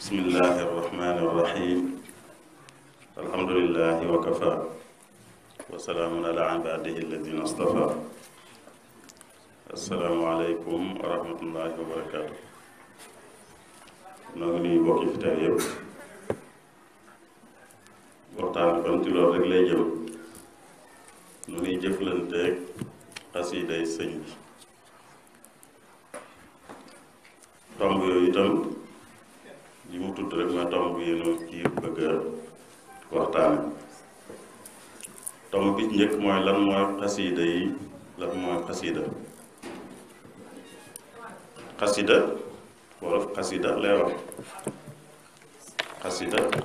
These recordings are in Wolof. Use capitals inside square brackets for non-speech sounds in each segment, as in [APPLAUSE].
بسم الله الرحمن الرحيم الحمد لله وكفى وسلام على عباده الذين اصطفى السلام عليكم ورحمة الله وبركاته نغني بوكي في تاريب waxtaan kon ci نغني جفلن lay قصيدة nu nuy jëflanteeg yi mu tudd rek mooy tomb yi nu ci bëgg a waxtaan tomb bi ci njëkk mooy lan mooy xasida yi lan mooy xasida xasida wolof xasida lay wax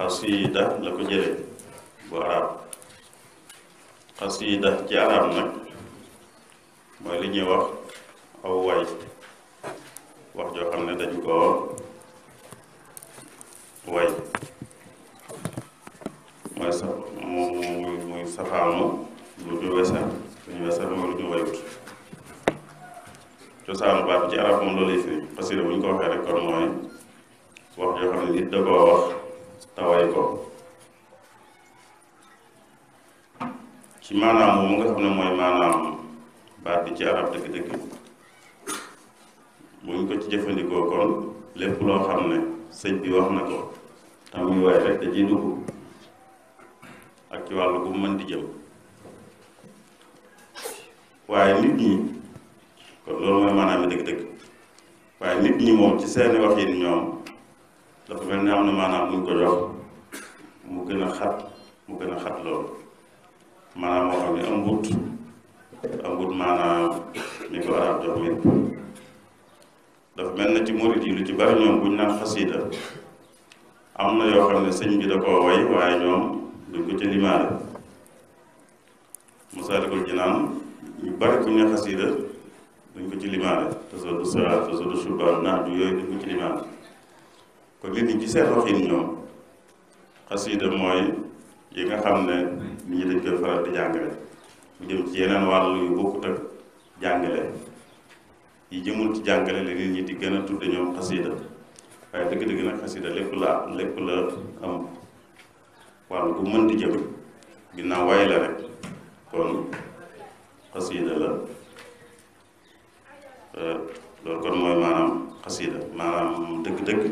xasida la ko jële bu arab ci arab li wax aw way wax dañ way mooy sa muy muy safaanu lu ñu wesal lu ñu wesal mooy lu ñu wayut cosaanu baat ci arab moom loolu fi xasida bu ñu ko waxee rek kon mooy wax joo xam ne nit da koo wax taway ko ci maanaam moom nga xam ne mooy maanaam baat bi ci arab dëgg-dëgg bu ñu ko ci jëfandikoo kon lépp loo xam ne sëñ bi wax na ko te muy waaye rek da ciy dugg ak ci wàllu gu mën di jëm waaye nit ñi kon loolu mooy maanaam dëgg-dëgg waaye nit ñi moom ci seeni wax ñoom dafa mel ni am na maanaam buñ ko jox mu gën a xat mu gën a xat loolu maanaam moo xam ne am wut am wut maanaam mi ko arab jox mi dafa mel na ci murit yi lu ci bari ñoom buñ naan xasiida am na yoo xam ne sëñ bi da koo way waaye ñoom duñ ko ca limaale Masaalikul Jinaan ñu bari buñ ne xasiida duñ ko ci limaale tasadu saraat tasadu shubaan naaju yooyu duñ ko ci limaale kon nit ñi ci seen waxin ñoom xasiida mooy yi nga xam ne nit ñi dañ koy faral di jàngale mu jëm ci yeneen wàll yu bokkut ak jàngale yi jëmul ci jàngale la nit ñi di gën a tudde ñoom xasida waaye dëgg-dëgg nag xasida lépp la lépp la am wàll bu mën di jëm ginnaaw waay la rek kon xasida la eh, loolu kon mooy maanaam xasida maanaam dëgg-dëgg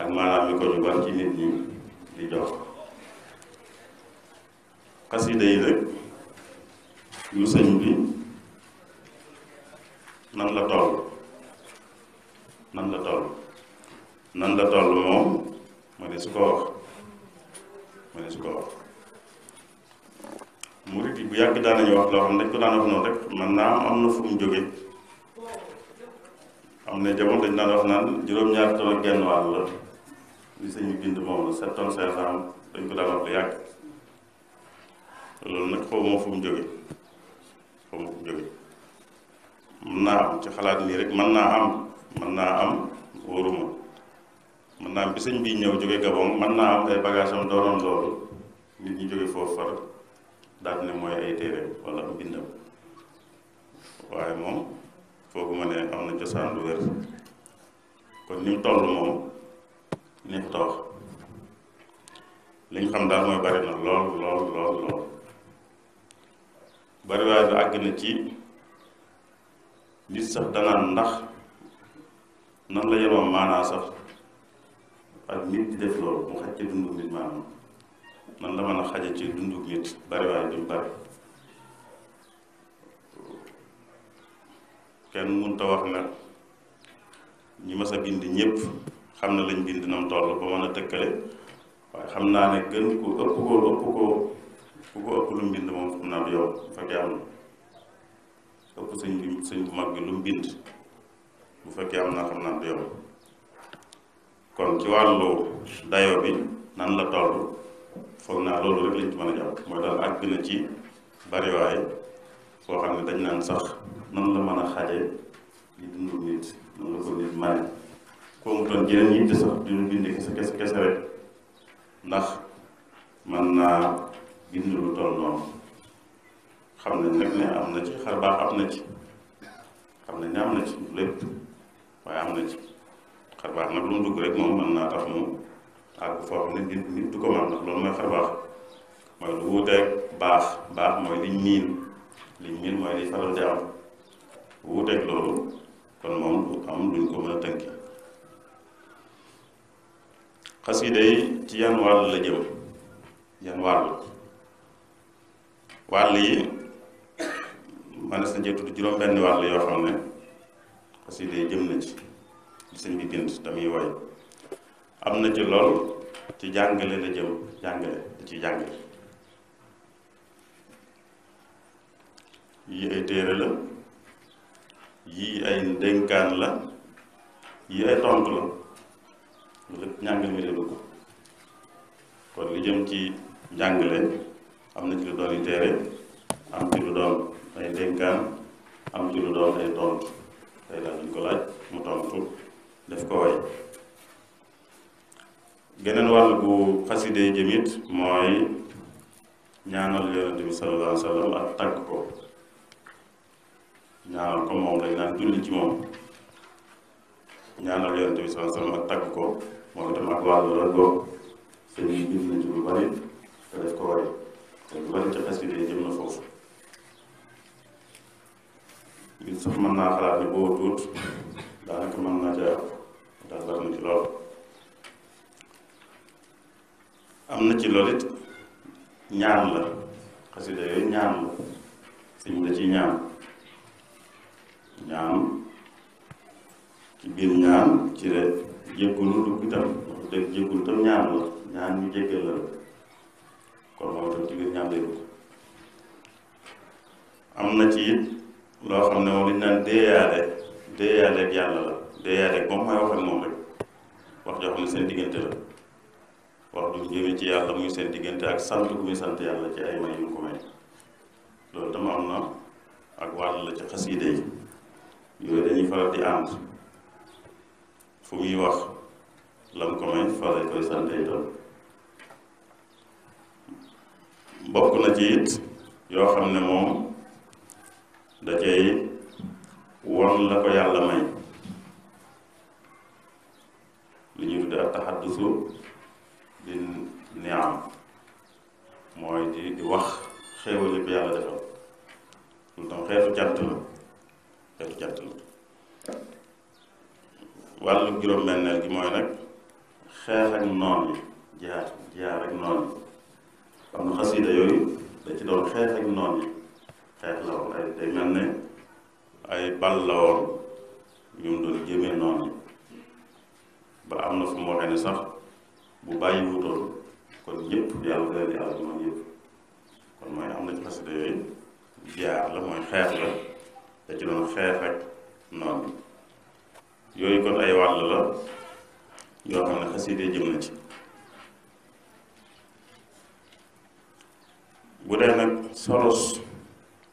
ak maanaam mi ko ñu war ci nit ñi di jox xasida yi nag yu sëñ bi nan la toll nan la toll la toll moom ma su ko wax ma su ko wax murit bu yàgg daan nañu wax loo xam dañ ko daan wax noonu rek man naa am na fu mu jóge am na jamono dañ daan wax naan juróom-ñaar ton ak genn wàll la li sëñ bi bind moom la sept tonnes cinq cent dañ ko daan wax lu yàgg loolu nag xaw ma fu jóge xaw ma fu jóge mën naa am ci xalaat nii rek mën naa am mën naa am wóoruma mën naa am bi sëñ bi ñëw jóge Gabon mën naa am ay bagage am doonoon nit ñi jóge foofu far daal ne mooy ay téere wala am waaye moom foogu ma ne am na cosaan lu wér kon ni mu toll moom neexut a wax xam daal mooy bari lool lool lool lool bariwaay àgg na ci nit sax danaan ndax nan la yoroon maanaa sax ak nit di def loolu mu xaj ci dundu nit maanaam nan la mën a xaje ci dundu nit bari waaye duñ bari kenn mënut a wax nag ñi mas bind ñëpp xam na lañ bind nam toll ba mën a tëkkale waaye xam naa ne gën ku ëpp ko ëpp ko ku ko ëpp lu mbind moom xam naa du yow bu fekkee ëpp sëñ bi sëñ bu mag bi lu mu bu fekkee am naa xam naa doyam kon ci wàllu dayo bi nan la toll foog naa loolu rek lañ ci mën a jàpp mooy daal àgg na ci bariwaay boo xam ne dañ naan sax nan la mën a xaje li dundu nit nan la ko nit may koo mu doon jeneen sax duñu bindee kese kese rek ndax mën naa bind lu noonu xamne nañ nag ne am ci xarba baax ci xamne nañ ne am ci lepp way amna ci xarba nak lu mu dugg rek mom man na tax mu ak fo xamne nit nit du ko mën nak loolu moy xarba moy mooy lu wuuteeg baax baax moy li miin li miin moy li faral di am wuuteeg loolu kon mom du am duñ ko mën tanki qasida yi ci yan wàll la jëm yan wal wàll yi manes na cee tudd juróom benn wàll yoo xam ne xasida yi jëm na ci li sëñ bi bind damuy woy am na ci lool ci jàngale la jëm jàngale da ci jàngale téere la yii ay ndénkaan la yii ay tontu kon li jëm ci njàngale am na ci lu doon yi téere am ci lu doon ay dénkaan am ci lu doon tontu tey daal duñ ko laaj mu tontu def ko way geneen wàll bu xaside yi jëmit mooy ñaanal yonente bi sallallahu alayhi ak tagg ko ñaanal ko moom lañ naan julli ci moom ñaanal yonente bi sallallahu alayhi wa sallam ak tagg ko moom itam ak wàllu rek boobu sëñ yi ci lu bari te def ko way te lu bari ci xaside yi jëm na foofu nit sax mën naa xalaat ni boo tuut daanaka mën naa ca daal na ci lool am na it ñaan la xasida yooyu ñaan la sëñ da ci ñaan ñaan ci biir ñaan ci la jéggulu dugg itam wax dëgg jéggulu tam ñaan la ñaan ñu jéggal la kon moom itam ci biir ñaan lay dugg am na ci it loo xam ne moom lañ naan déeyaale déeyaale ak yàlla la déeyaale ak mooy wax moom rek wax joo xam ne seen diggante la wax du jëme ci yàlla muy seen diggante ak sant bu muy sant yàlla ci ay may yu ko may loolu dama am na ak wàll la ci xasiida yi yooyu dañuy faral di ànd fu muy wax lam ko may fa lay koy sante itam bokk na ci it yoo xam ne moom da cay won ko yàlla may li ñuy tudde ak taxaddusu di niam mooy di di wax xéewal yi yàlla defal loolu tam xeetu cant la xeetu cant la wàllu juróom-benneel gi mooy nag xeex ak noon yi jaar jaar ak noon yi xam na xasida yooyu da ci doon xeex ak noon yi xeet la woon ay day mel ne ay bal la woon yu mu doon jëmee noonu ba am na fu mu waxee sax bu bàyyi wutoon kon ñëpp yàlla da leen di àll moom kon mooy am na ci yooyu jaar la mooy xeex la da doon xeex ak noonu yooyu kon ay wàll la yoo ne xasida jëm na ci bu dee nag solos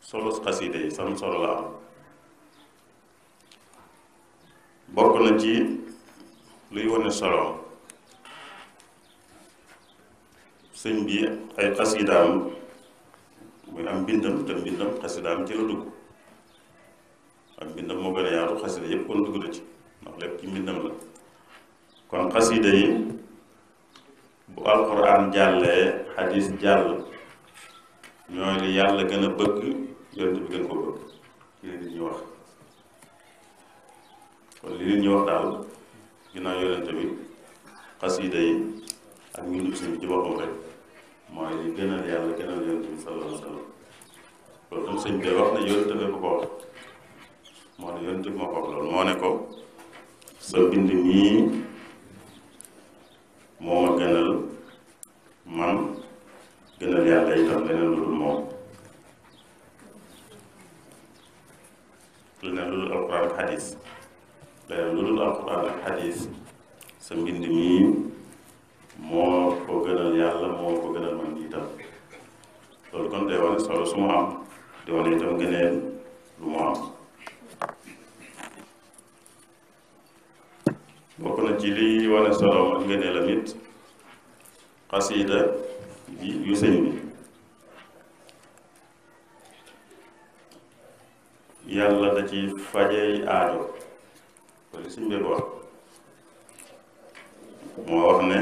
solos xasida yi sam solo la am bokk na ci luy wane soloom sëñ bi ay xasidaam muy am mbindam te mbindam xasidaam ci la dugg ak mbindam moo gën a yaatu xasida yépp kon dugg ci ndax lépp ci mbindam la kon xasida yi bu alquran jàllee xadis jàll ñooy li yàlla gën a bëgg yonent bi gën ko bëgg li nit ñi wax kon wax daal ginnaaw yonent bi xasida yi ak mbindum sëñ bi ci boppam rek mooy li gënal yàlla gënal yonent bi sallallahu alayhi wa sallam loolu tam sëñ bi wax ne yonent bi moo ko loolu moo ne ko sa bind mii moo ma gënal man gënal moom leneen lu dul alquran ak xadis leneen alquran ak sa mbind mii moo ko gënal yàlla moo ko gënal man itam loolu kon day wane solo su am di wane itam gëneel lu am bokk na ci solo it yu bi yàlla da ci fajey aajo loolu si mbir wax moo wax ne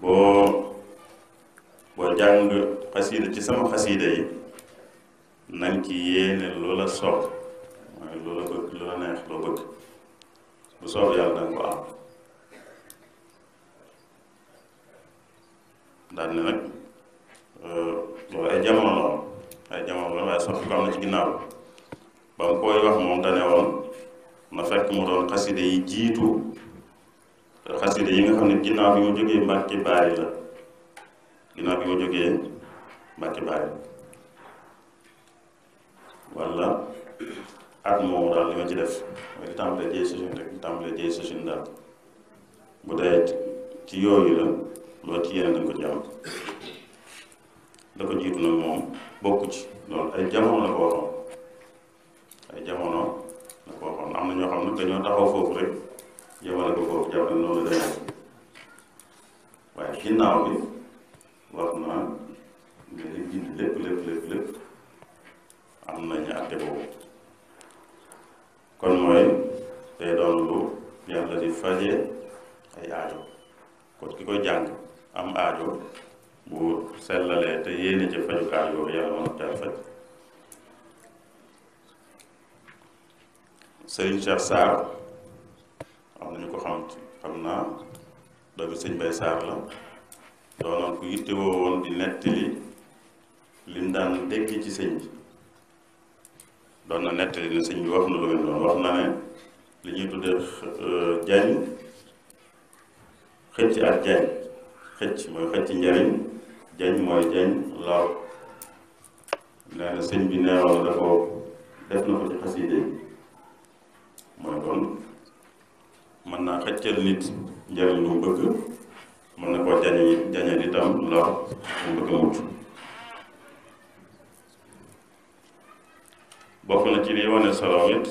boo boo jàng xasiida ci sama xasiida yi nang ci yéene lu la soob mooy la bëgg lu la neex loo bëgg bu soob yàlla danga ko am daal ne nag euh, loolu ay jamono ay jamono waaye ko am na ci ginnaaw ba mu koy wax moom dane woon na fekk mu doon xaside yi jiitu xaside yi nga xam ne ginnaaw bi mu jógee Mbàkke Baari la ginnaaw bi mu jógee Mbàkke Baari walla at moomu daal li ma ci def mooy di tàmbalee jëy session rek di tàmbalee jëy session daal bu dee ci yooyu la loolu ci yeneen dañ ko jàmm da ko jiitu nag moom bokku ci loolu ay jamono la ko waxoon ay jamono na ko waxoon am na ñoo xam ne dañoo taxaw foofu rek jamono ko foofu jàpp na noonu dañu waaye ginnaaw bi war na nga ne bind lépp lépp lépp lépp am nañu àtte boobu kon mooy day doon lu yàlla di fajee ay aajo kon ki koy jàng am aajo bu sellalee te yéene ca faju aajo yàlla mën na faj Serigne Cheikh Sarr am nañu ko xam ci xam naa doomi sëñ Bay Sarr la doonoon ku yittewoo woon di nettali lim daan dégg ci sëñ bi doon na nettali ne sëñ bi wax na lu mel noonu wax na ne li ñuy tuddee euh, jañ xëcc ak jañ xëcc mooy xëcc njariñ jañ mooy jañ lor nee na sëñ bi neewoon na ko def na ko ci xasiide mooy kon mën naa xëccal nit njëriñ lu mu bëgg mën na koo jañe jañe itam lor mu bëgg a mucc bokk na ci li wane solo it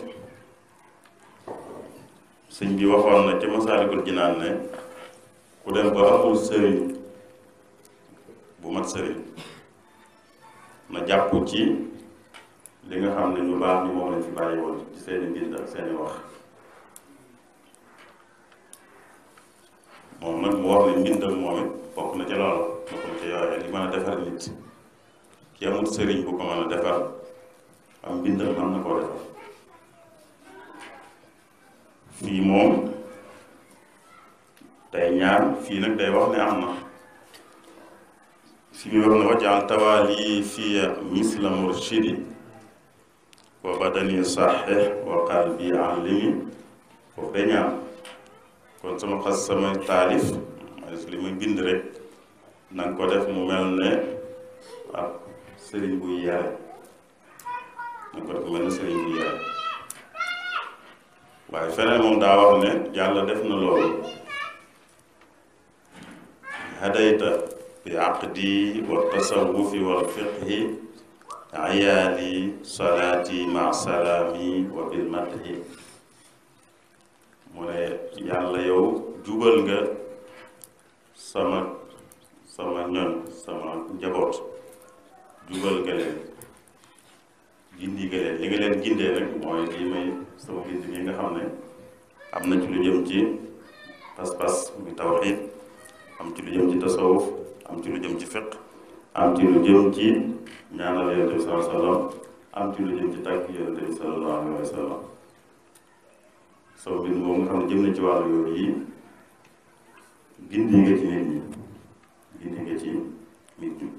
sëñ bi waxoon na ci Masaalikul Jinaan ne ku dem ba amul sëriñ bu mat sëriñ na jàpp ci li nga xam ne ñu baax ni moom lañ fi bàyyi woon ci seeni bind seeni wax moom nag mu wax ne mbindam moom it bokk na ci loolu bokk na ci li mën a defar nit ki amul sëriñ bu ko mën a defar am mbindam mën na koo defar fii moom day ñaan fii nag day wax ne am na fi muy wax ne wajaal tawaali fii misla murshidi وبدني صحيح وقلبي علمي وبنيا كنت مقسم التعريف مسلم بندر نكودف مملنا سرين بويا نكودف مملنا سرين بويا waay fene mom da wax ne yalla def na lool hadayta bi aqdi wa tasawufi wa عيالي صلاتي مع سلامي وبالمدح mu ne yàlla yow jubal nga sama sama ñoñ sama njaboot jubal nga len gindi nga len li nga len gindee rek moy lii may sama gindi mi nga xam amna ci lu jëm ci pas-pas mi tawhid am ci lu jëm ci tasawuf am ci lu jëm ci fiqh am ci lu jëm ci ñaanal yonent bi sallallahu alayhi am ci lu jëm ci tàgg yonent bi sallallahu alayhi wa soo bind moom nga xam ne jëm na ci wàllu ci nit ci nit ñi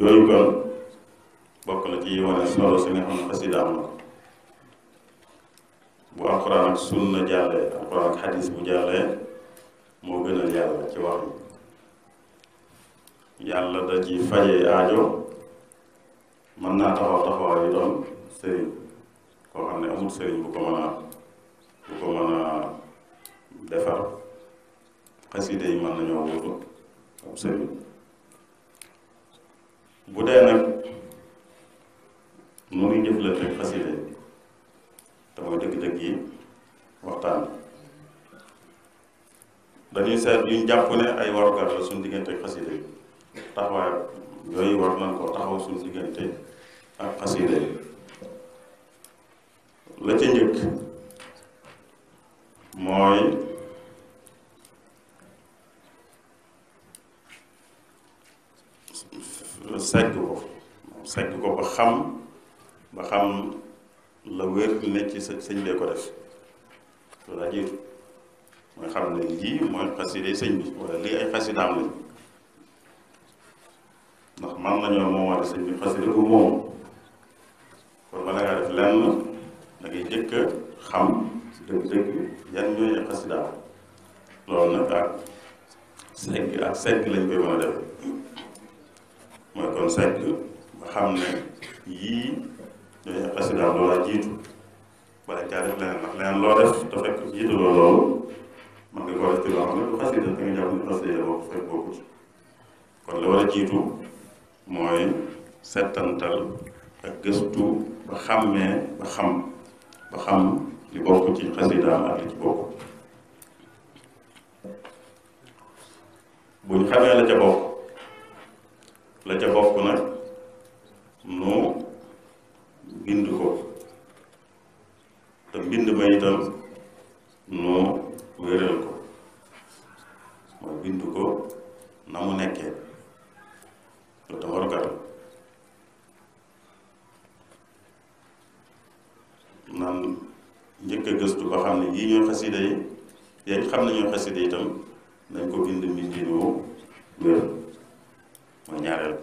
yooyu kon bokk na ci wane solo si nga xam ne xasida am bu alxuraan ak sunna jàllee alxuraan ak xadis bu jàllee moo gën a jàll ci wax yàlla da ci faje aajo mën naa taxaw taxawaay yi doon sëriñ koo xam ne amul sëriñ bu ko mën bu ko mën defar xaside yi mën nañoo wutu ab sëriñ bu dee nag nu ngi jëflante ak xaside te mooy dëgg-dëgg yi waxtaan dañuy seet yuñ jàpp ne ay warugar la suñ diggante ak yi taxawaay yooyu war nañ koo taxaw suñu diggante ak xasida la ca njëkk mooy segg ko segg ko ba xam ba xam la wér ne ci sëñ bee ko def cest à mooy xam ne lii mooy xasida sëñ bi wala lii ay xasidaam lañ ndax man nañoo moo war a sëñ bi xasida ko moom kon bala ngaa def lenn da ngay jëkk xam si dëgg-dëgg yan ñooy xasida loolu nag ak segg ak segg lañ koy mën a def mooy kon segg ba xam ne yii ñooy xasida loola loolu man nga ko def ci loo xam ne du xasida da nga jàpp ne xasida ko fekk bokkut kon la war a jiitu mooy settantal ak gëstu ba xàmmee ba xam ba xam li bokk ci xasidaam ak li ci bokk buñ xamee la ca bokk la ca bokk nag nu bind ko te mbind ma itam nu wéral ko mooy bind ko na mu nekkee loolu tam warugar naan njëkk a gëstu ba xam ne yii ñooy xasida yi yañ xam ne ñooy xasida itam nañ ko bind mbindin woo wér mooy ñaareel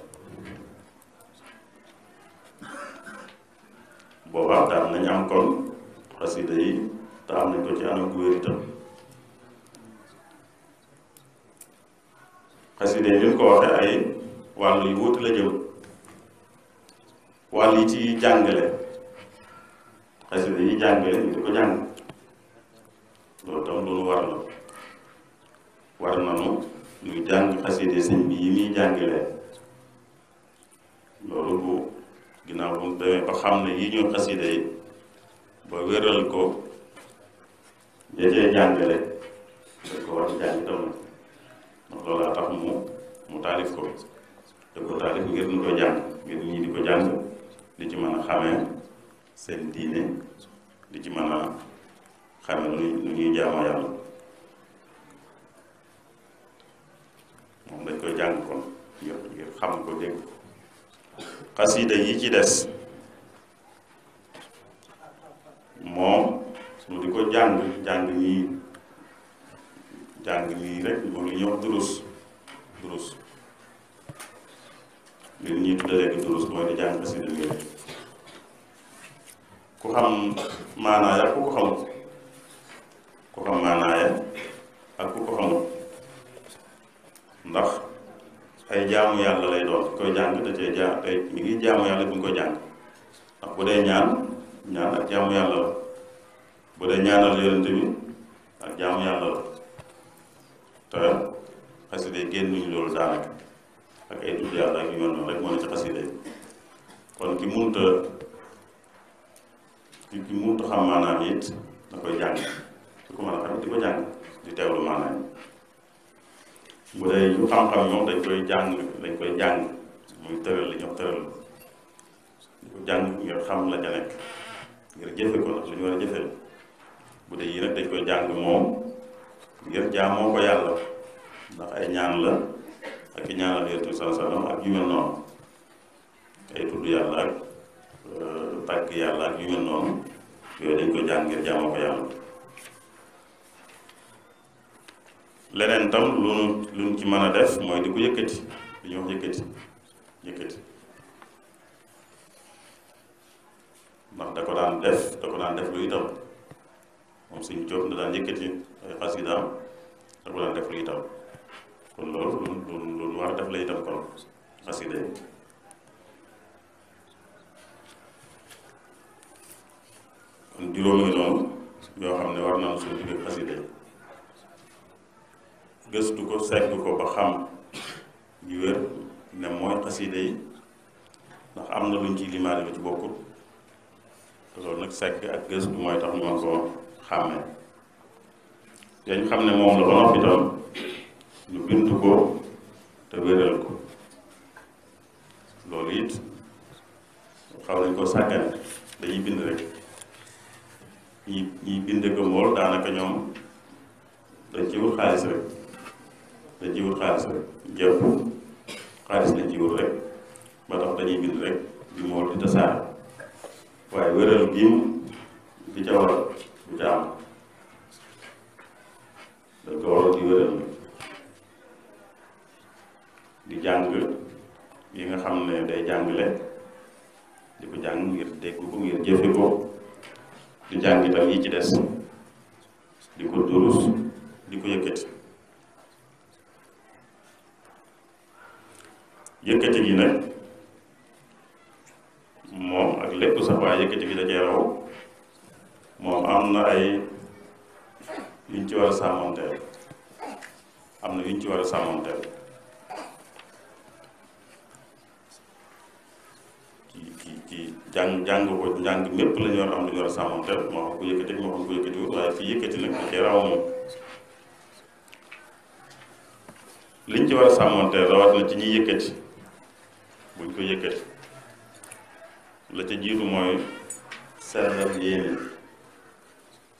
boobaa daan nañ am kon xasida yi te am nañ ko ci anam gu wér xasida yi ñu ko waxee ay wàll yu wuute la jëm wàll yi ci jàngale xasida yi jàngale ñu di ko jàng loolu tam loolu war na war nanu ñuy jàng xasida sëñ bi muy jàngale loolu bu ginnaaw ba xam ne yi ñu xasida yi ba wéral ko jajee jàngale dañ ko war a jàng tam na ndax loolaa tax mu mu taalif ko te ko taalif ngir ñu ko jàng ngir ñi di ko jàng di ci mën a xamee seen diine di ci mën a xamee nu ñuy jaamoo yàlla moom dañ koy jàng kon ngir iya, ngir iya, xam ko dégg xasida iya, yi ci des moom su di ko jàng jàng nii jàng nii rek moom li ñuy wax durus durus leen ñuy tuddalee ko durus mooy di jàng xasida ngeen ku xam maanaaya ku ko xamul ku xam maanaaya ak ku ko xamul ndax ay jaamu yàlla lay doon koy jàng da cee jaa tey mi ngi jaamu yàlla bu ñu koy jàng ndax bu dee ñaan ñaan ak jaamu yàlla la bu dee ñaanal yonente bi ak jaamu yàlla la te xasida génnuñu loolu daanaka ak ay tudd yàlla ak yoon noonu rek moo ne ci xasida yi kon ki munta ki munta xam maanaam it da koy jàng su ko mën a xam di ko jàng di dañ muy tëral li ñoom tëral di ko jàng ngir xam la ca nekk ngir jëfe ko nag lu ñu war a jëfee bu dee yii nag dañ koy jàng moom ngir jaamoo ko yàlla ndax ay ñaan la ak ñaanal yonent bi sallallahu alayhi ak yu mel noonu ay tudd yàlla ak euh, tàgg yàlla ak yu mel noonu yooyu dañ ko jàng ngir ko yàlla leneen tam lu nu lu nu ci mën a def mooy di ko yëkkati li ñuy yëkkati yëkkati ndax da ko daan def da ko daan def lu itam moom suñu coob da daan yëkkati ay xasidaam da ko daan def lu itam kon loolu lu war a def la itam kon xasida yi kon juróom ngi noonu yoo xam ne war na suñu digg xasida yi gëstu ko segg ko ba xam yu wér ne mooy xasida yi ndax am na luñ ci limaale lu ci bokkut loolu nag segg ak gëstu mooy tax ñu mën koo xàmmee yañ xam ne moom la ba noppi itam ñu bind ko te wéral ko loolu it xaw nañ ko sàggan dañuy bind rek ñi ñiy binde ko mool daanaka ñoom dañ ci wut xaalis rek dañ ci wut xaalis rek jëpp xaalis lañ ci rek ba tax dañuy bind rek di mool di tasaare waaye wéral giim di ca war du ca am dañ ko waroon di wéral di jàng yi nga xam ne day jàngale di ko jàng ngir dégg ko ngir jëfe ko di jàng yi ci des di ko durus di ko yëkkati yëkkati gi nag moom ak lépp sax waaye yëkkati gi da raw moom am na ay yuñ ci war a sàmmanteel am na yuñ ci war a sàmmanteel ci ci jàng jàng ko njàng mépp la war a am lu war a sàmmante moo xam ku yëkkati moo xam ku yëkkati wut waaye fi yëkkati nag da cee raw moom liñ ci war a sàmmante rawat na ci ñi yëkkati buñ ko yëkkati la ca jiitu mooy sellal yéene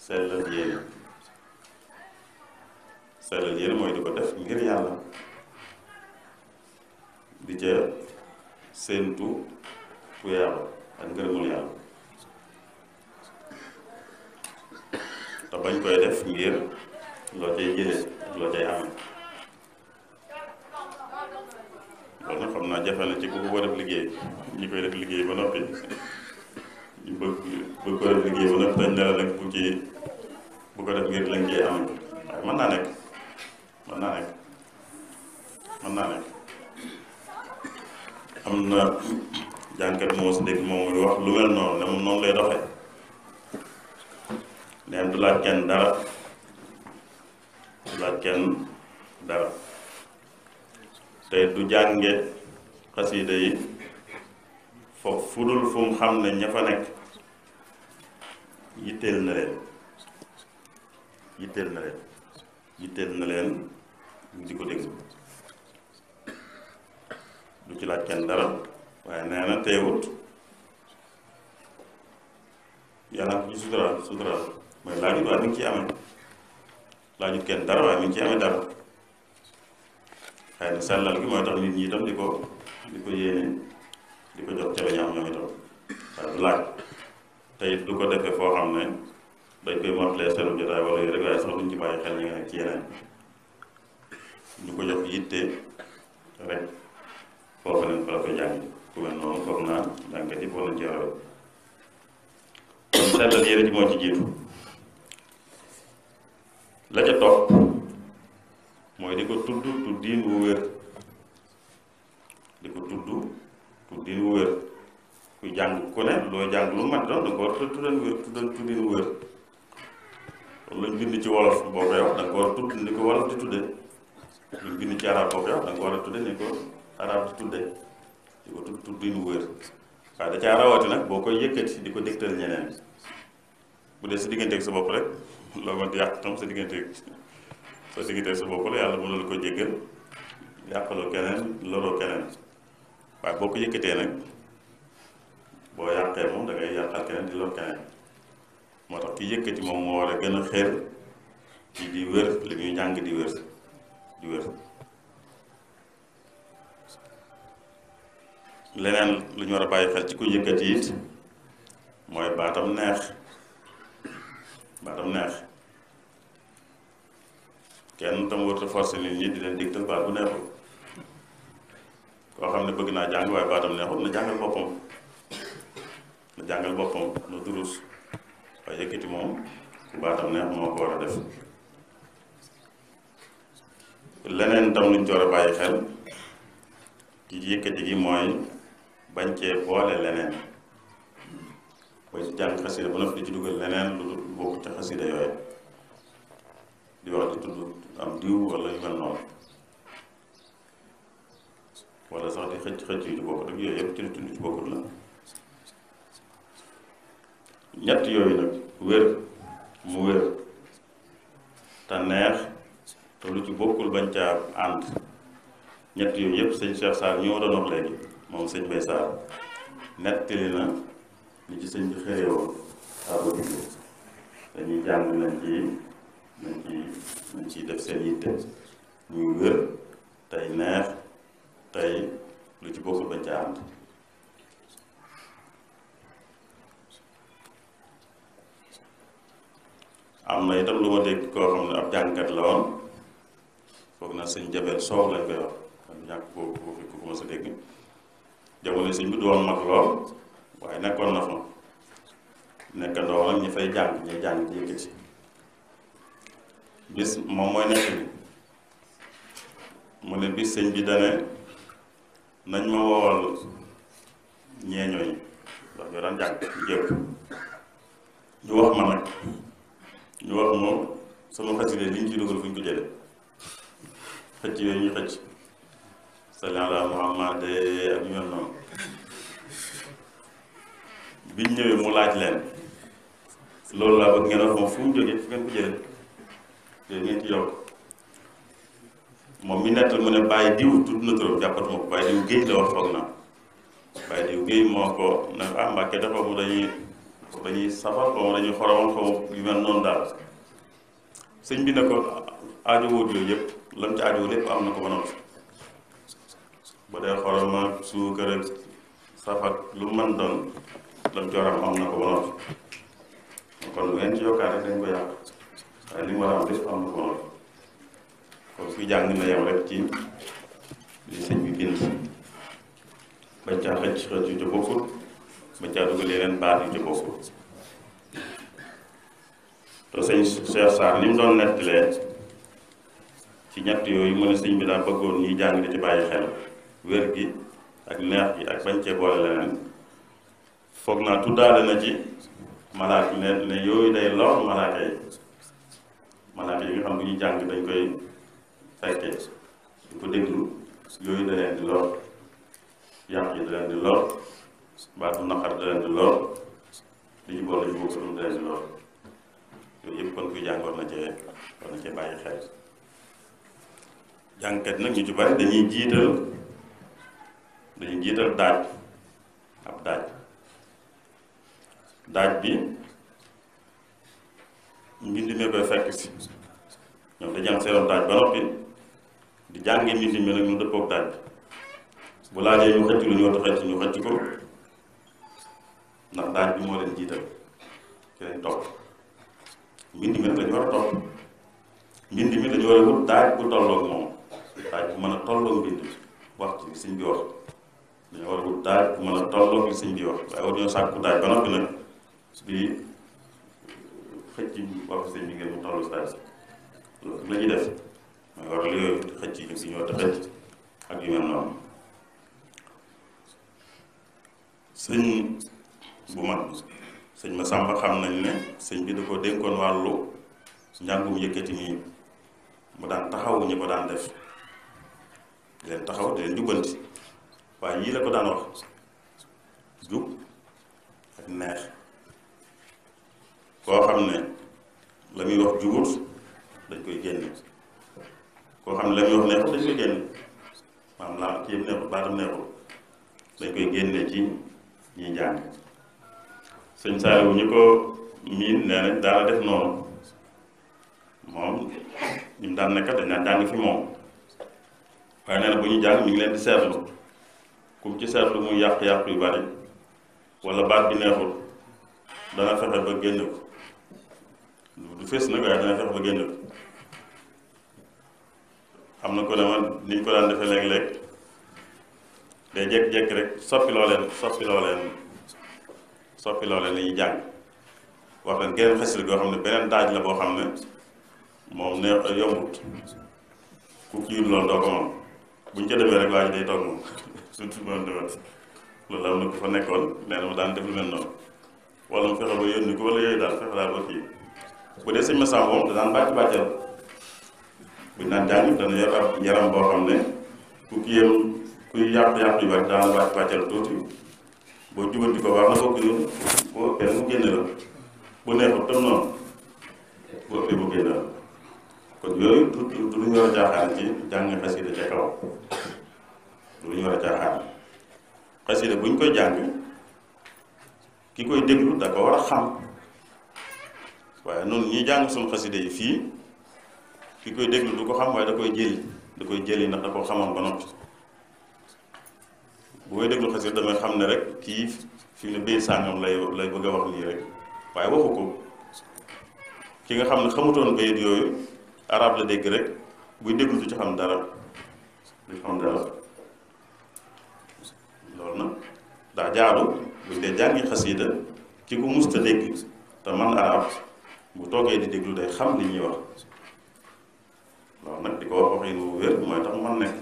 sellal yéene sellal yéene mooy di ko def ngir yàlla di ca séentu fu yàlla ak ngërëmul yàlla te bañ koy def ngir loo cay jëlee ak loo cay amee loolu nag xam naa jafe na ci ku ko def liggéey ba noppi ñu ko def liggéey ba noppi dañ ne la nag bu ko def ngir lañ cee am waaye naa nekk mën naa nekk mën naa nekk am na jànkat moo si dégg moom muy wax lu mel noonu ne moom noonu lay doxee neen du laaj kenn dara du laaj kenn dara te du jànge xasida yi foofu fudul fu mu xam ne ña fa nekk yitteel na leen yitteel na leen yitteel na leen di ko déglu du ci laaj kenn dara waaye nee na teewut yàlla ko ci suturaal suturaal mooy laajut waaye mi ngi ciy amee laajut kenn dara waaye mi ngi ciy dara xëy na gi mooy tax nit ñi itam di ko di ko yéene di ko jox ca la ñu am ñoom itam waaye du laaj te du ko defee foo xam ne dañ koy motalee seenu jotaay wala yooyu rek waaye sax duñ ci bàyyi xel ñi nga nekk ci yeneen ñu ko jox yitte rek foofu leen fa la koy jàngi noonu foog naa danga ko jëfoon na ci yàlla kon sellal yére ji moo ci jiitu la ca topp mooy di ko tudd tuddiin wu wér di ko tudd tuddiin wu wér kuy jàng ku ne loo jàng lu mat doon da nga ko war a tuddan wér tuddan tuddiin wu wér loolu lañ bind ci wolof boobu koy wax da nga ko war a tudd ni ko wolof di tudde luñ bind ci arab boobu koy wax da nga ko war a tudde ni ko arab di tudde di ko tudd tuddin wër waaye da caa rawati nag boo koy yëkkati di ko dégtal ñeneen bu dee sa digganteeg sa bopp rek loo mën di yàq tam sa digganteeg sa digganteeg sa bopp la yàlla mënul ko jéggal yàqaloo keneen loroo keneen waaye boo ko yëkkatee nag boo yàqee moom da ngay yàqal keneen di lor keneen moo tax ki yëkkati moom moo war a gën a xéer ci di wér li ñuy njàng di wér di wér leneen lu ñu war a bàyyi xel ci ku yëkkati it mooy baatam neex baatam neex kenn tam warut a forcer nit ñi di leen digtal baat bu neexul koo xam ne bëgg naa jàng waaye baatam neexul na jàngal boppam na jàngal boppam na durus waaye yëkkati moom ku baatam neex moo ko war a def leneen tam lu ñu ci war a bàyyi xel ci yëkkati gi mooy bañ cee boole leneen booy ci jàng xasida ba noppi di ci dugal leneen lu dul bokk ca xasida yooyu di wax di tudd am diw wala yu mel noonu wala sax di xëcc xëcc yu ci bokkut ak lu ci bokkut la ñett yooyu nag wér mu wér te te lu ci bokkul bañ caa ànd ñett yooyu yëpp sëñ Cheikh Sarr ñoo doon wax léegi moom sëñ Bay Saar nettali na li ci sëñ bi xëyee woon saaba bi dañuy jàng nañ ci nañ ci nañ ciy def seen yitte ñuy wër tey neex tey lu ci bokkul bañ ca ànd am na itam lu ma dégg koo xam ne ab jàngkat la woon foog na sëñ jabeel soow lañ koy wax am ñàkk koo koo ku ma sa dégg jamono sëñ bi du woon mag lool waaye nekkoon na fa nekkandoo ak ñi fay jàng ñi jàng di yëkkati bis moom mooy nekk ni mu ne bis sëñ bi dane nañ ma woowal ñeeño yi ndax daan jàng jëpp ñu wax ma nag ñu wax moom sama xaside liñ ci dugal fu ñu ko jële xëcc yooyu ñu xëcc salli ala muhammad ak ñu noonu biñ ñëwee mu laaj leen loolu laa bëgg ngeen wax fu mu jógee fu ngeen ko jëlee te ngeen ko bàyyi diw la wax foog na bàyyi diw géej moo ko ne ah mbàkke dafa mu dañuy dañuy safar ko dañuy xoromal ko yu noonu daal sëñ bi ne ko aajowut yooyu yëpp lam ci aajowut lépp am na ko ba noppi bu dee xorom ak suukar ak safak lu mën doon lam cooram am na ko ba kon lu ngeen ci yokkaat rek dañ ko yàq waaye li war a am lépp am na ko ba noppi kon jàng na yow rek ci li sëñ bi bind bañ xëcc xëcc yu ca bokkul bañ caa dugal yeneen baat yu te sëñ Cheikh Sarr li mu doon nettalee ci ñett yooyu mu ne bi daa bëggoon ñuy jàng di ci bàyyi xel wér gi ak neex gi ak bañ cee boole leneen foog naa tuddaale na ci malaaka ne ne yooyu day lor malaaka yi malaaka yi nga xam bu ñu jàng dañ koy fekke di ko déglu yooyu da leen di lor yàq yi da leen di lor baatu naqar da leen di lor li ñu boole ñu bokk da leen di lor yooyu yëpp kon kuy jàng war na cee war na cee bàyyi xel jàngkat nag ñu ci bari dañuy jiital dañu jiital daaj ab daaj daaj bi mbind mi koy fekk si ñoom dañu am seen daaj ba noppi di jànge mbind mi nag ñu dëppook daaj bi bu laajee ñu xëcc lu ñu war a xëcc ñu xëcc ko ndax daaj bi moo leen jiital ci lañ topp mbind mi nag dañu war a topp mbind mi dañu war a wut daaj bu tolloog moom daaj bu mën a tolloog mbind mi wax ci sëñ bi wax dañoo war a wut daaj bu mën a tolloog li sëñ bi wax waaye war ñoo sàkku daaj ba noppi nag di xëcc waxu sëñ bi ngeen mu toll si la ñuy def mooy si ñëw te xëcc sëñ bu mag sëñ ma sàmba xam nañ ne sëñ bi da ko dénkoon wàllu njàngum yëkkati nii mu daan taxawu ñu ko daan def di leen taxaw di leen jubbanti waaye yii la ko daan wax jub ak neex koo xam ne la muy wax jubut dañ koy génn koo xam ne la muy wax neexut dañ koy génn maanaam laa kii yëpp neexut baatam neexut dañ koy génne ci ñi njàng sëñ Saaliw ñu ko miin nee nañ daana def noonu moom ñu daan nekkat dañ daan jàng fi moom waaye nee na bu ñu jàng mi ngi leen di seetlu kum ci seetlu muy yàq-yàq yu bari wala baat bi neexul dana fexe ba génn ko du fees nag waaye dana fexe ba génn ko am na ko ne man ni ñu ko daan defee léeg-léeg day jékki-jékki rek soppi loo leen soppi loo leen soppi loo li ñuy jàng wax leen geneen xasida goo xam ne beneen daaj la boo xam ne moom neex yombut ku kii loolu doo ko moom bu ñu ca demee rek waa ji day moom suñ suñu borom defat loolu am na ko fa nekkoon nee na mu daan def lu mel noonu wala mu fexe ba yónni ko wala yooyu daal fexe daal ba kii bu dee sëñ Massa moom danaan bàcc bàccal buñ naan jàng dana yaram boo xam ne ku kiyam kuy yàq-yàq yu bari daana bàcc bàccal tuuti boo jubati ko baax na bokk yoon boo kenn mu génne la bu neexut tam noonu bu ëppee mu génne la kon yooyu du du du ñu war a jaaxaan ci jàng xasida ca kaw lu ñu war a caaxaan xasida bu ñu koy jàng ki koy déglu da ko war a xam waaye noonu ñuy jàng suñu xasida yi fii ki koy déglu du ko xam waaye da koy jëli da koy jëli ndax da koo xamoon ba noppi bu may déglu xasida damay xam ne rek kii fii ne bay sàngam lay lay bëgg a wax nii rek waaye waxu ko ki nga xam ne xamutoon bayit yooyu arab la dégg rek buy déglu du ci xam dara du ci xam dara loolu nag daa jaadu buñ dee jàngi xasiida ki ko musta dégg te man arab bu toogee di déglu day xam li ñuy wax loolu nag di ko wax waxin wu wér mooy tax man nekk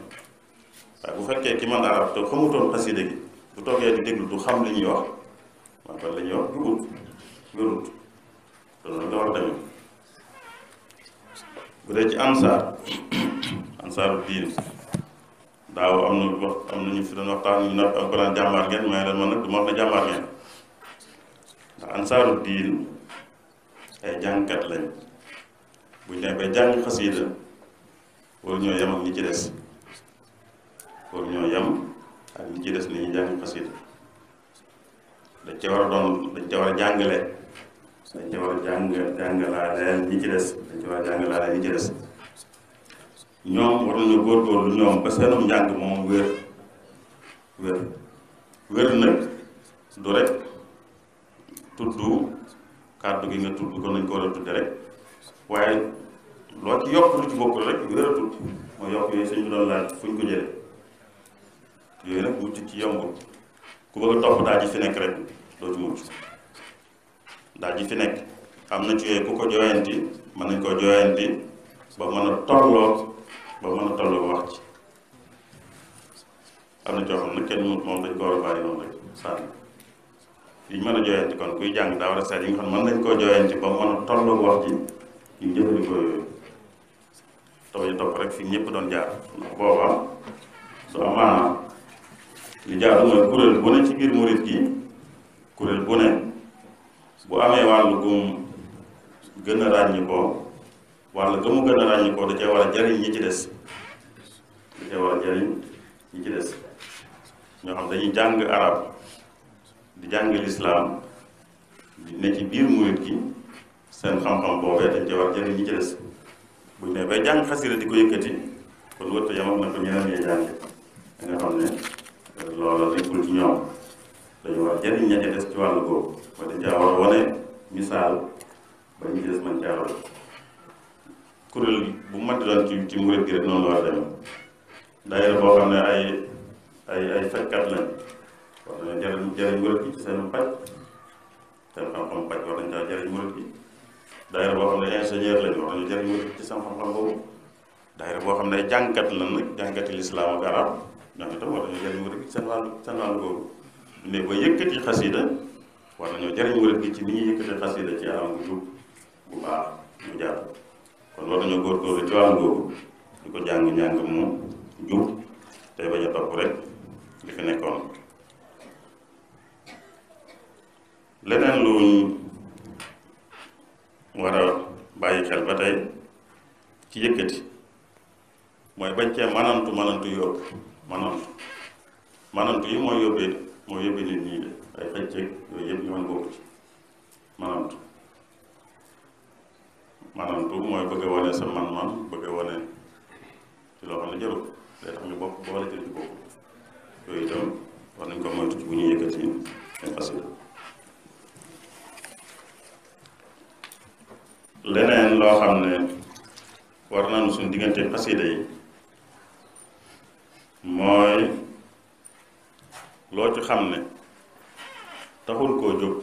waaye bu fekkee ki man arab te xamutoon xasiida gi bu toogee di déglu du xam li ñuy wax waaye kon li ñuy wax wut wérut loolu la war a demee bu dee ci ansaar [COUGHS] ansaaru diin daaw am na lu wax am na ñu fi doon waxtaan ñu naan alquran jàmbaar ngeen mais ren man nag du ma wax ne jàmbaar ngeen ndax ansaaru diin ay jàngkat lañ bu ñu demee bay jàng xasiida waru ñoo yem ak ñi ci des waru ñoo yem ak ñi ci des ni ñuy jàng xasiida dañ ca war a doon dañ ca a jàngale dañ ca war a jàng ci des a jàngalaaleen ñi ci des ñoom war nañu góorgóorlu ñoom ba seenum njàng moom wér wér wér nag du rek tudd kàddu gi nga tudd ko nañ ko war a tudde rek waaye loo ci yokk lu ci bokkul rek wér a tudd mooy yokk yooyu suñ doon laaj fuñ ko jële yooyu nag mucc ci yombul ku bëgg topp daal ji fi nekk rek doo ci mucc daal ji fi nekk am na ci yooyu ku ko jooyanti mën nañ koo jooyanti ba mën a tolloo ba mën a tolloo wax am na coo xam moom dañ ko war a noonu rek sànni yi mën a jooyanti kon kuy jàng daa war a nga xam ne mën nañ koo jooyanti ba mën a tolloo wax ji ñu jëfandikoo yooyu te topp rek fi ñépp doon jaar ndax boobaa su amaana li jaar mooy kuréel bu ne ci biir murit gi kuréel bu ne bu amee wàllu gum gën a ràññi ko walla ga mu gën a ràññi ko da war a jariñ ñi ci dañuy war a jariñ ñi ko yëkkati euh, des ci wàllu googu ba dañ caa war a wane misaal ba ñu ci des mën caa roy kuréel bu mat doon ci ci murit gi rek noonu la war a boo xam ne ay ay ay fajkat lañ war nañu jëriñ jëriñ gi ci seen paj xam-xam boo xam ne ingénieur lañ war nañu jëriñ murit gi ci seen xam-xam boobu daayira boo xam ne ay jàngkat lañ nag jàngkati lislaam ak arab ñoom itam war nañu jëriñ murit gi ci seen wàllu seen wàllu boobu ne ba yëkkati xasida war nañoo jëriñ murit gi ci ni ñuy yëkkati xasida ci anam gu jub bu baax mu jaar kon war nañoo góorgóorlu ci wàllu googu di ko jàng njàng mu jub tey bañ a topp rek li fi nekkoon leneen luñ war a bàyyi xel ba tey ci yëkkati mooy bañ cee manantu manantu yu ëpp manantu manantu yi mooy yóbbee mooy yóbbee nit ñi de ay xëcc yooyu yëpp ñu mën bokk ci manantu maanaam tuub mooy bëgg a wane sa man-man bëgg wane ci loo xam ne jarul day tax ñu bokk boole ci bokk yooyu itam war nañ ko moytu ci bu ñu yëkkati ay xasida leneen loo xam ne war nañu suñu diggante xasida yi mooy loo ci xam ne taxul koo jóg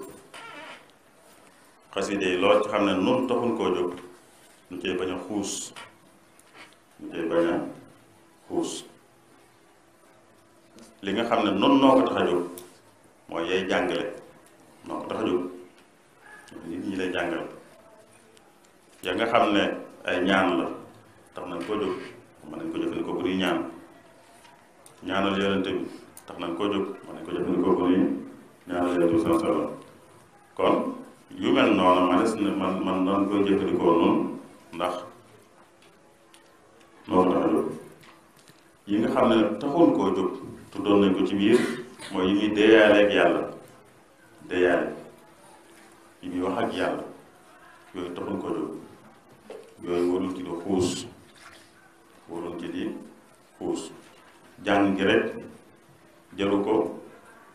xaside yi lool ci xam ne nun taxuñ koo jóg ñu cee bañ a xuus ñu cee bañ a xuus li nga xam ne nun noo ko tax a jóg mooy yay jàngale noo ko tax a jóg nit ñi lay jàngale ya nga xam ne ay ñaan la tax nañ koo jóg mën nañ ko jëfandikoo bu tax nañ koo jóg mën nañ ko jëfandikoo bu ñuy ñaanal yonente bi sallallahu alayhi kon yu mel noonu manes na man man daan koy jëfandikoo noonu ndax noonu la jóg yi nga xam ne taxul koo jóg tuddoon nañ ko ci biir mooy yi muy deeyaale yàlla deeyaale yi muy wax ak yàlla yooyu taxul koo jóg yooyu warul ci di xuus warul ci di xuus jàng gi rek jaru ko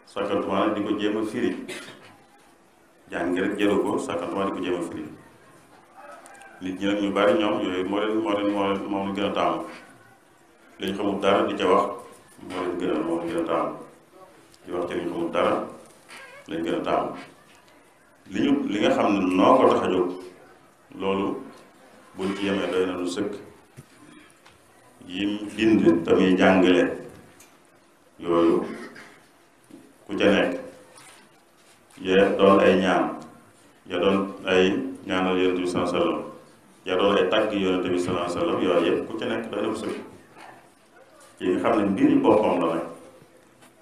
sakkatumaana di ko jéem a jàng ngi rek jëlu ko sakantuma di ko jéem a nit ñi nag ñu bari ñoom yooyu moo leen moo leen moo leen gën a moo leen gën a moo leen gën a taamu di li ñu xamul dara lañ gën a taamu li ñu li nga xam ne noo ko tax a jóg loolu buñ ci yemee doy na lu sëkk yim bind tamit jàngale yooyu ku ca nekk ya doon ay ñaan ya doon ay ñaanal yonent bi sallallahu alayhi wa doon ay tàgg yonent bi sallallahu alayhi yooyu yëpp ku ci nekk doy na ko sëkk yi nga xam ne mbiri boppam la nag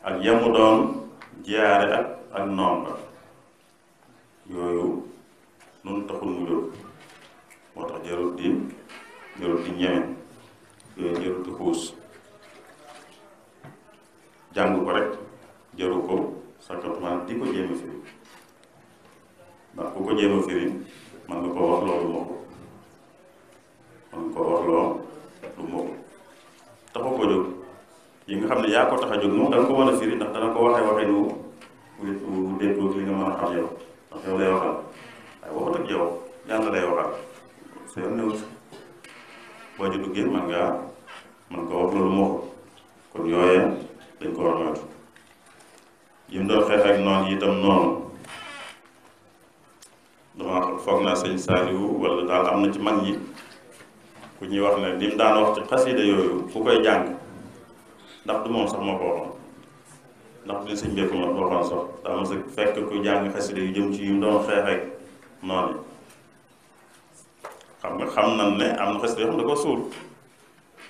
ak yamu doon jaare ak ak noom la yooyu nun taxul mu jóg moo tax jarul di jarul di ñeme yooyu jarul di xuus jàng ko rek jaru ko chaque alxuraan di ko jéem a ndax ku ko jéem a man nga koo wax loo lu mokk man nga koo wax loo lu mokk taxu ko jóg yi nga xam ne yaa ko tax a jóg moom danga ko war a firi ndax dana ko waxee waxee nu wu déggoo nga mën a xam yow ndax yow lay waxal waaye waxut ak yow yàlla lay waxal sa yoon newut boo ci mu doon xeex ak noonu itam noonu dama foog naa sëñ Saliou wala daal am na ci mag ñi ku ñuy wax ne li mu daan wax ci xasida yooyu ku koy jàng ndax du moom sax moo ko ndax du sëñ bépp moo ko waxoon sax daa mos a fekk ku jàng xasida yu jëm ci yu doon xeex ak noonu xam nga xam nañ ne am na xasida yoo xam da ko suul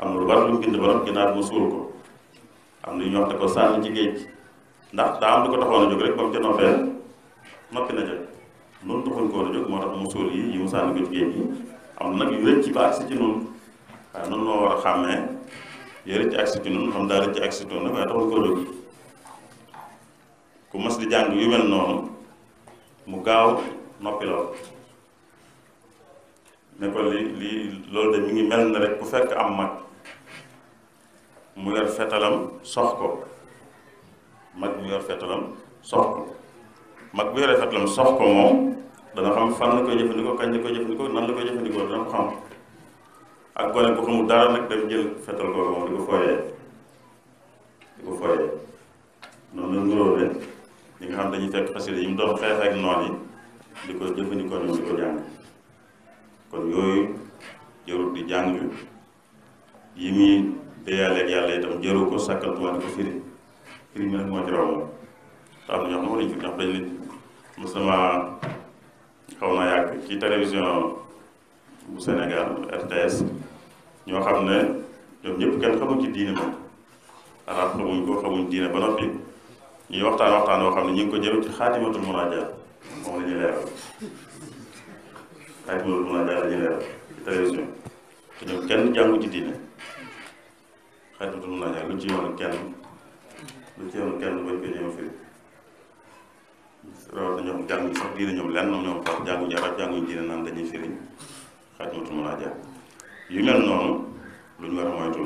am na lu bari lu mu bind ba mu suul ko am na ñu wax da ko sànni ci géej ndax daa am lu ko taxoon a jóg rek comme ca noppee noppi na ca loolu taxuñ ko woon jóg moo tax musóor yi yi mu ko ci géej am nag yu rëcc ba agsi ci noonu waaye noonu moo war a xàmmee yu rëcc agsi ci noonu xam daa rëcc agsi ci waaye taxuñ koo jóg ku mas di jàng yu mel noonu mu gaaw noppi lool ne li li loolu de mu ngi mel na rek ku fekk am mag mu yor fetalam sox ko mag mu yor fetalam sox ko mag bu yoree fetalam sox ko moom dana xam fan la koy jëfandikoo kañ la koy jëfandikoo nan la jëfandikoo dana ko xam ak gone bu nag dem jël fetal moom di ko fooyee di ko fooyee noonu la nguróo ne ñi nga xam dañuy fekk xasida yi mu doon xeex ak noon yi di ko jëfandikoo ñoom di ko jàng kon yooyu jërut di jàng yi muy déyaaleeg yàlla itam jëru ko sàkkal tuwaa di ko firi kii moo ci raw xam ne na xaw ci télévision bu ñoo xam ne ñoom ñëpp kenn xamuñ ci diine moom arab xamuñ ko xamuñ diine ba noppi ñuy waxtaan waxtaan yoo xam ne ñu ngi ko jël ci xaatimatul munaajaat moom la ñuy leeral xaatimatul munaajaat la ñuy ci télévision te ñoom kenn lu ci yoon kenn. lu ci yoon kenn bañ ko jéem a firi rawat na ñoom jàng diine ñoom lenn ñoom far jànguñu arab jànguñu diine naan dañuy firi xaj ma tu mën a jàng mel noonu lu ñu war a moytu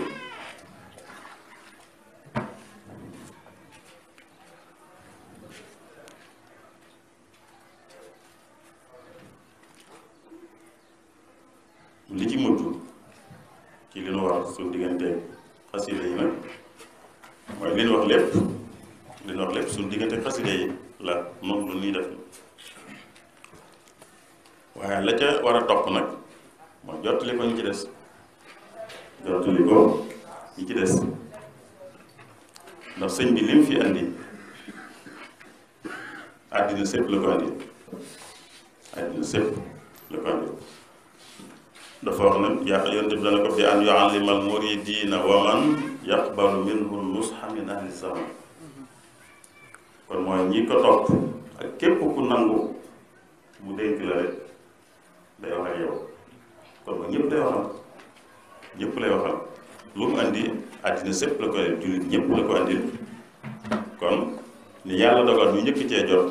njëkk cee jot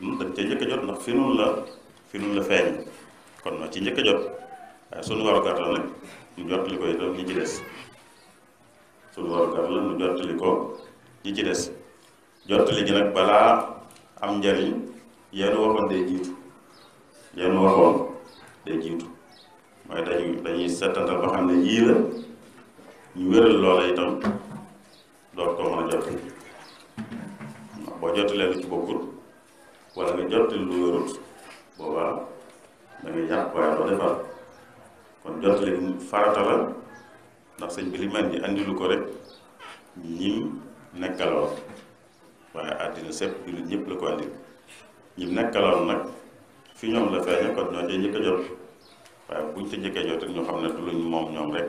hmm, dañ cee njëkk a jot ndax fi nun la fi nun la feeñ kon nag ci njëkk a jot waaye eh, sunu warugar la nag ñu jot li ko itam ñi ci des sunu warugar la ñu jot ko ñi ci des jot gi nag balaa am njariñ yéen waxoon day jiitu yéen waxoon day jiitu mooy dañuy dañuy settantal ba xam ne yii la ñu wéral loola itam door ko mën a jot boo jotalee lu ci bokkut wala nga jotti lu wérut boobaa da ngay yàq waaye doo defar kon jotali farata ndax sëñ bi li mel ni ko rek ñim nekkaloon waaye àddina sépp jullit ñëpp la ko andil ñim nekkaloon nag fi ñoom la feeñe kon ñoo cee njëkk a jot waaye buñ ca njëkkee jot rek ñu xam ne du luñ moom ñoom rek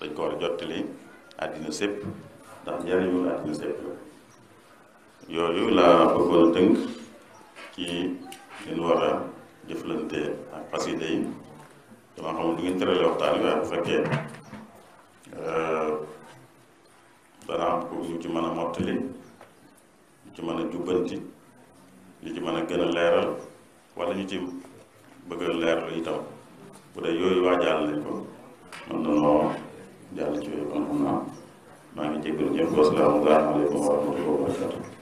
dañ ko war a àddina sépp ndax njariñul àddina sépp la yooyu laa bëggoon ki ci ngeen war a jëflante ak xasida yi dama xam du ngeen waxtaan yi waaye bu fekkee euh, dana am ku ñu ci mën a mottali ñu ci mën a jubbanti ñu ci mën a gën a leeral walla ñu ci bëgg a leeral itam bu dee yooyu waa jàll nañ ko man danoo jàll ci yooyu kon xam naa maa ngi jégalu ñëpp wasalaamaaleykum wa rahmatulah wa barakatu